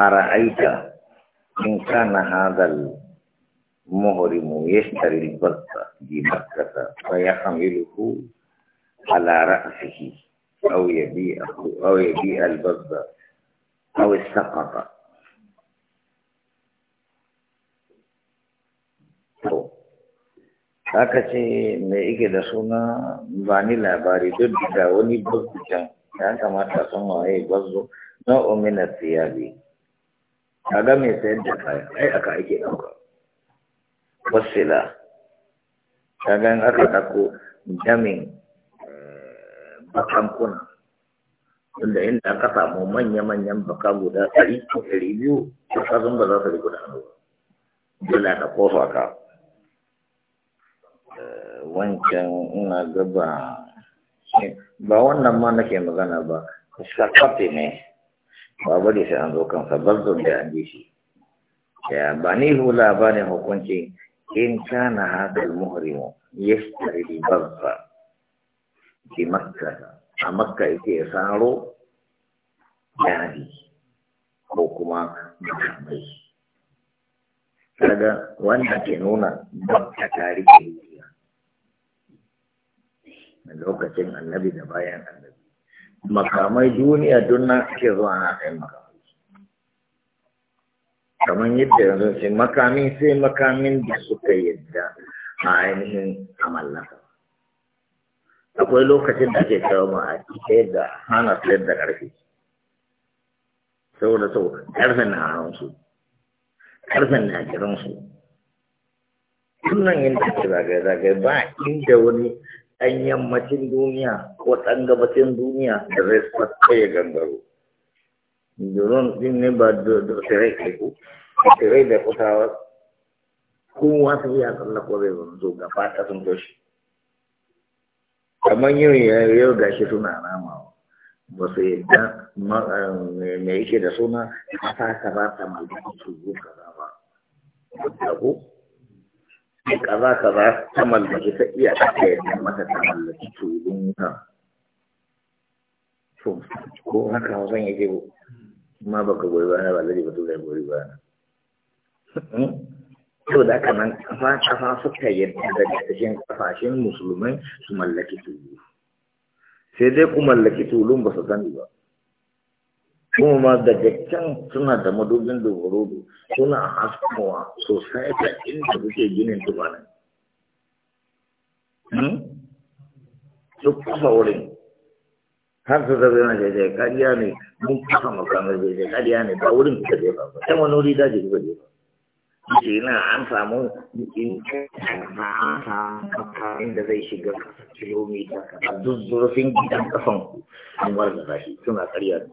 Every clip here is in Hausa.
أرأيت إن كان هذا المهرم يشتري البط بمكة فيحمله على رأسه أو يبيعه أو يبيع البط أو السقط haka ce mai ike da suna ba ni labari duk da wani bazzucan ya kamata sun waye bazzo na ominar siyabi kaga mai sayar da kaya ai aka ake ɗauka wasila kaga in aka ɗauko jamin eh, bakan kuna tunda inda aka samu manya-manyan baka guda ɗari ko ɗari biyu ko kasan ba za su rigu da hannu dole ka kofa ka eh, wancan ina gaba ba wannan ma nake magana ba ka kafe ne ba bari shi an zo kansa barzon da an shi ya ba ni hula ba ne hukunci in kana hadal muhrimu yashtari barza fi makka a makka yake ya saro yadi ko kuma makamai daga wanda ke nuna makka tarihi lokacin annabi da bayan annabi makamai duniya don nan ake zuwa na kai makamai kamar yadda yanzu sai makami sai makamin da suka yadda a ainihin amallaka akwai lokacin da ake kawo ma a cikin da hana sayar da ƙarfi saboda sau ƙarfin na hannunsu ƙarfin na jiransu Tunan yin da ke zagaye-zagaye ba inda wani ɗan yammacin duniya ko ɗan gabacin duniya da zai kai ya gangaro duron din ne ba da tirai kai ku, tirai da kusawa kowa wasu iya tsalla ko zai zo gaba ta sun toshe kamar yau yau shi suna nama ba su yadda eh, me yake da suna ta ba ta mallaka su zo kaza ba ku, kaza kaza ta mallaki ta iya aka yi mata ta mallaki tulun ka to ko haka hausan yake ko ma baka goyi bana ba zai batu zai goyi bana hmm? to da haka nan kafa kafa suka yadda da cikin kafashin musulmai su mallaki tulun. sai dai ku mallaki tulun ba su sani ba kuma ma daga can suna da madubin dogorodo suna haskowa sosai ta inda kuke ginin tubanin duk hmm? kusa wurin har su zaɓe na jeje kariya ne mun kusa makamar da kariya ne ba wurin kuka jefa ba ta wani wuri daji kuka jefa ce na an samu inda zai shiga kilomita kaza duk zurfin gidan kafan ku an warga shi suna kariya ne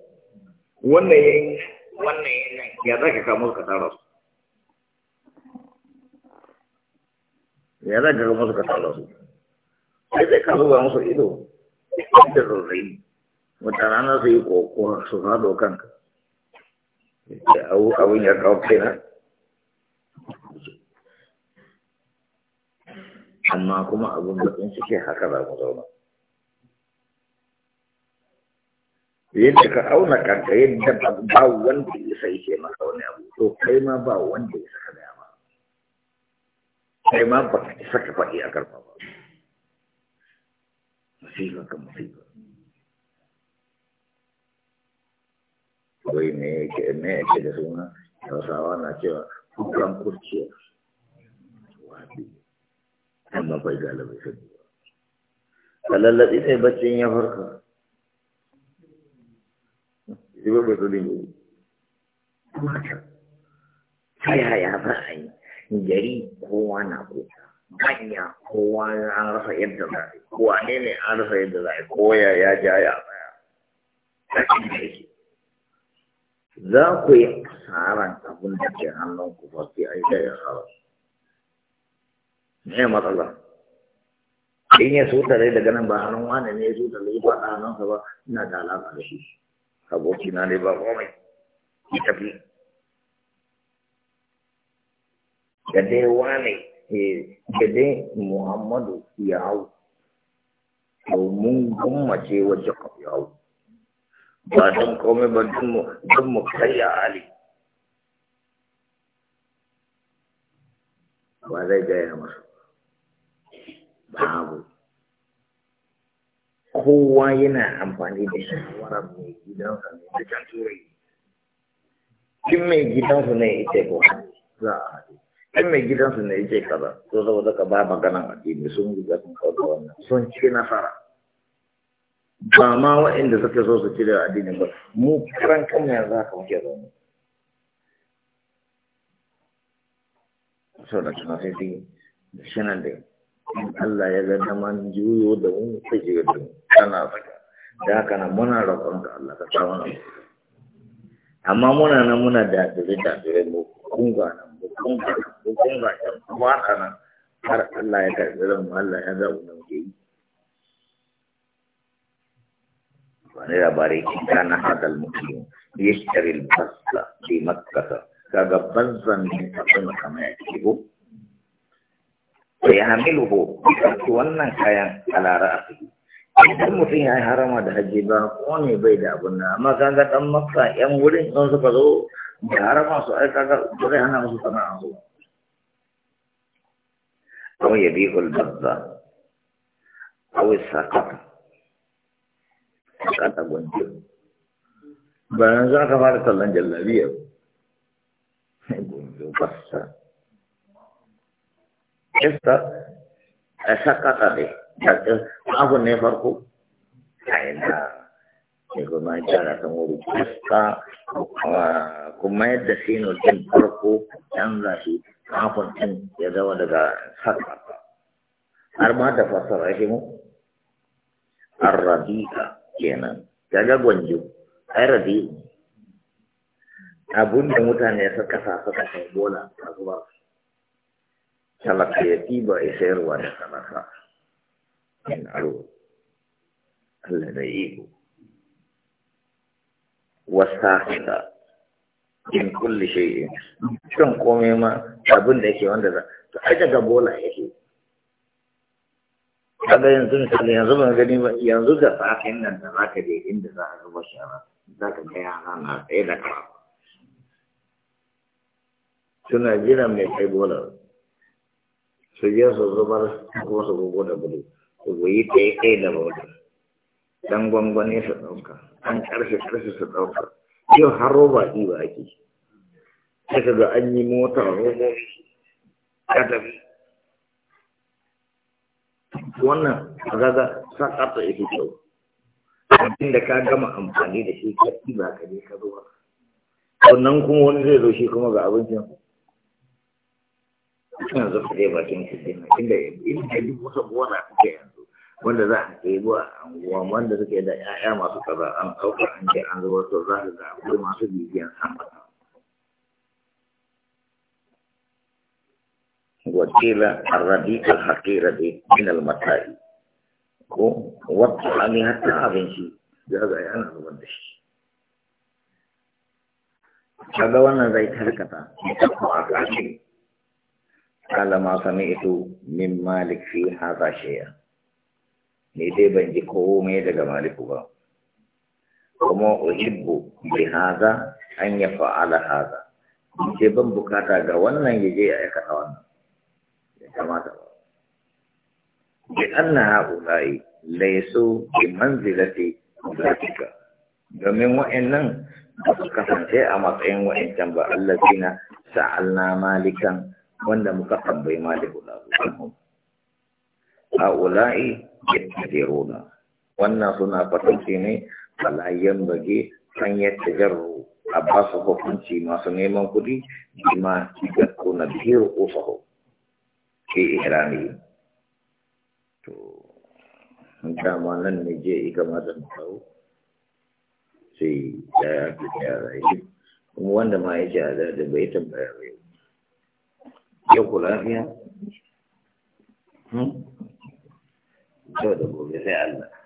wannan ya yi wannan ya yi ya za ka kamo ka tara su ya za ka kamo ka tara su sai zai ka zuba musu ido da rurrai mutane na su yi kokowar su fado kanka abin ya kawo kai na amma kuma abin da bakin suke haka za mu zauna yadda ka auna kanka yadda ba wanda ya sai ce maka wani abu to kai ma ba wanda ya saka gaya ba kai ma ba ka saka faɗi a karfa ba musiba ka musiba wai me yake me yake da suna hausawa na cewa kukan kurciya wabi amma bai galibai sani ba lallabi sai baccin ya farka zuba ba zuba ne kamata ta yaya za a yi gari kowa na kuka manya kowa an rasa yadda za a yi kowa ne an rasa yadda za a yi koya ya ja ya baya za ku yi asaran abin da ke hannun ku ba sai an yi asaran ne matsala in ya so tare daga nan ba hannun wani ne ya so tare ba a hannunsa ba ina da alaƙa da shi abokina ne ba komai ki tafi gade dai wane eh, da dai muhammadu ya hau to mun gummace wajen ya hau ba don komai ba don mu karya ali ba zai gaya masu babu kowa yana amfani da shawarar mai gidansa ne da can turai in mai gidansu ne ya ko za a haɗu kin mai gidansu ne ya kaza to saboda ka ba maganan addini sun riga sun kawo wannan sun ci nasara ba ma waɗanda suka so su ci da addinin ba mu karan kanmu yanzu ka muke So saboda kina sai shi nan dai in Allah ya ga daman juyo da mu sai ya ga kana saka da haka nan muna roƙon ka Allah ka sa mana amma muna nan muna da dare da dare mu kunga nan mu kunga ga mu kun ga kuma nan har Allah ya karɓi mu Allah ya ga mu ke yi wani labari kana hadal muslim yashtari al-basla bi makkah kaga banzan ne ta kuma kamar yake ko فيعمله وأن كان على رأسه idan mutum ya yi harama da hajji ba kowane bai da abun na, amma kan ga dan makka yan wurin in suka zo da harama su ai kaga zai hana musu sana'a su aw yabihu al-badda aw as-saqat saqata gunjin ba za ka fara tallan jallabiya gunjin basta esta a sakata ne abu ne farko a yana ne kuma gyara kan wuri esta kuma yadda sino din farko canza shi kafin din ya zama daga sakata har ma da fasara shi mu arrabi'a kenan daga gwanjo ai rabi'u abun da mutane suka sa suka kai bola a zuwa talaka ya tiba eh, ya wa da talaka in aro Allah da iko wasa in kulli shay'in kan komai ma abin da yake wanda za to ai daga bola yake kaga yanzu misali yanzu ban gani ba yanzu da safin nan da zaka je inda za a zuba shara zaka ga yara na tsaye da kafa suna jiran mai kai bola su je su zubar kuma su gugu da gudu su yi ɗaya da bauta dan gwangwani su ɗauka an ƙarshe ƙarfe su ɗauka yau har roba ɗi ba ake sai ka ga an yi mota robobi ka tafi wannan a gaga sakata ya fi kyau abin da ka gama amfani da shi ka ɗi ba ka ne, ka zuwa sannan kuma wani zai zo shi kuma ga abincin yanzu ka je bakin inda inda duk wata gona yanzu wanda za a a anguwa wanda suke da 'ya'ya masu kaza an ɗauka an ce an zubar to za ka ga akwai masu bibiyan الرديء الحقير من المتاع والطعام حتى أبن شيء da shi. أبن شيء هذا وانا زي تركتا ma sami itu min malik fi hadha shay'a ni dai ban ji komai daga maliku ba kuma uhibbu bi haza an ya fa'ala haza ce ban bukata ga wannan ya je ya aikata wannan ya kamata ba bi anna haula'i laysu bi manzilati ulatika domin wa'annan ba su kasance a matsayin wa'ancan ba allazina sa'alna malikan wanda muka tambayi maliku da zuwanmu a ula'i yadda wannan suna fatanci ne layan bage kan yadda jarro a ba su hukunci masu neman kuɗi bima igattu na biyar usahu ke irani to dama nan ne je iga mata mutau sai ya yi kuma wanda ma ya ce a da bai tambaya bai yau ku lafiya hmm? yau da gobe sai Allah